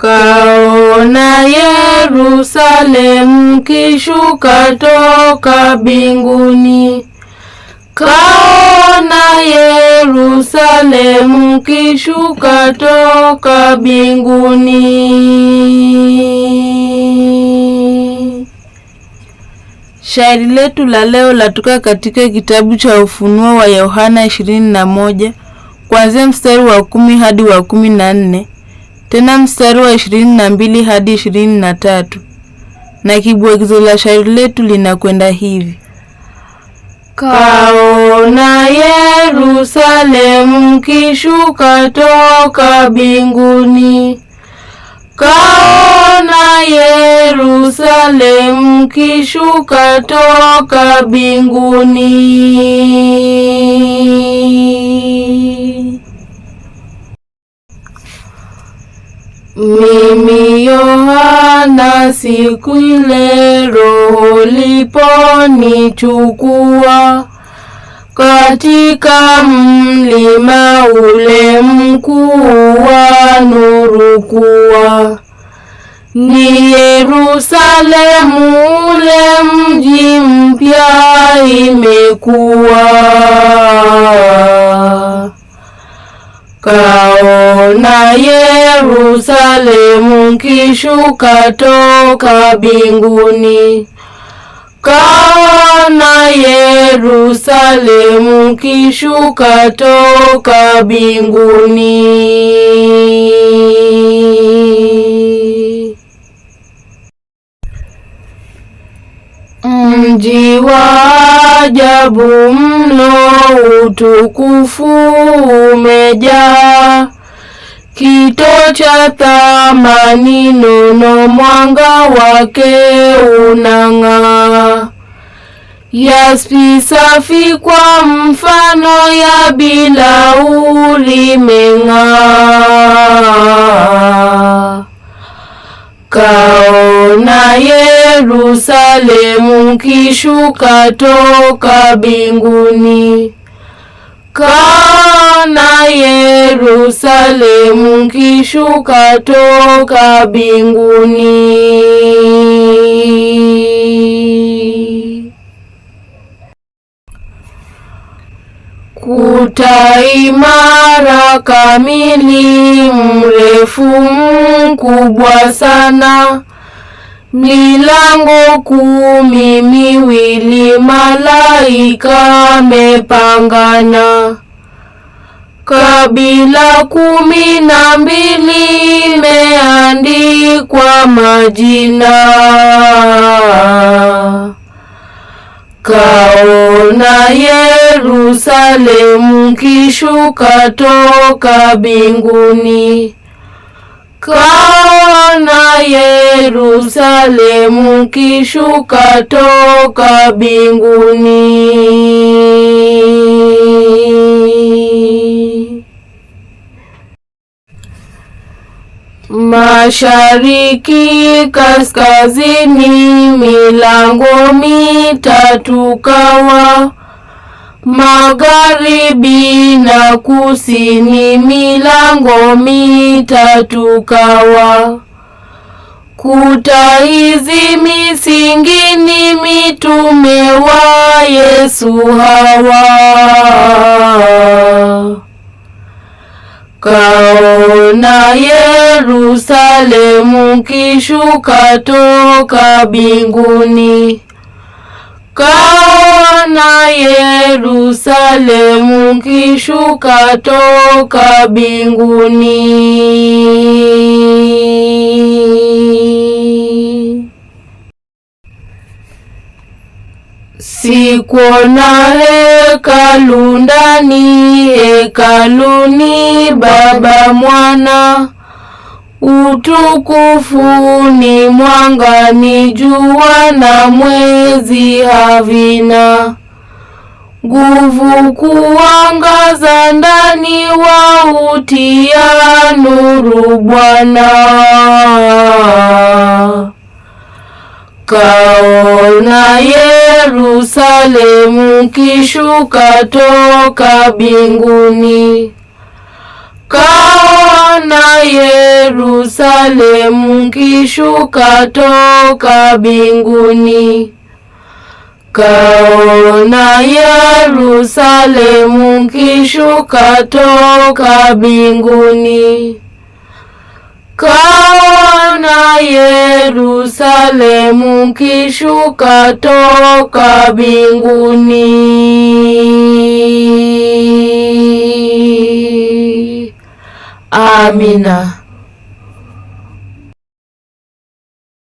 Kaona Yerusalemu kishuka toka binguni, kaona Yerusalemu kishuka toka binguni. Shairi letu la leo latoka katika kitabu cha Ufunuo wa Yohana 21 kuanzia mstari wa kumi hadi wa kumi na nne. Tena mstari wa ishirini na mbili hadi ishirini na tatu na kibwegizo la shairi letu linakwenda hivi: Kaona Yerusalemu kishuka toka binguni, kaona Yerusalemu kishuka toka binguni. Mimi Yohana, siku ile Roho liponichukua katika mlima ule mkuu wa nuru kuwa ni Yerusalemu, ule mji mpya imekuwa Kaona Yerusalemu kishuka toka binguni, kaona Yerusalemu kishuka toka binguni. Mji wa ajabu mno, utukufu umejaa. Kito cha thamani nono, mwanga wake unang'aa. Yaspi safi kwa mfano, ya bilau limeng'aa na Yerusalemu kishuka toka binguni. Kana Yerusalemu kishuka toka binguni. Kuta imara kamili, mrefu mkubwa sana Milango kumi miwili malaika amepangana, kabila kumi na mbili imeandikwa majina. Kaona Yerusalemu kishuka toka binguni Kaona Yerusalemu kishuka toka binguni. Mashariki, kaskazini, milango mitatu kawa magharibi na kusini, milango mitatu kawa kuta hizi misingi ni mitume wa Yesu hawa. Kaona Yerusalemu kishuka toka binguni Kaona Yerusalemu kishuka toka binguni. Sikuona hekalu ndani, hekaluni Baba Mwana Utukufu ni mwanga, ni jua na mwezi havina nguvu kuangaza, ndani wautia nuru Bwana. Kaona Yerusalemu kishuka toka binguni Kaona Yerusalemu kishuka toka binguni, kaona Yerusalemu kishuka toka binguni, kaona Yerusalemu kishuka toka binguni. Amina.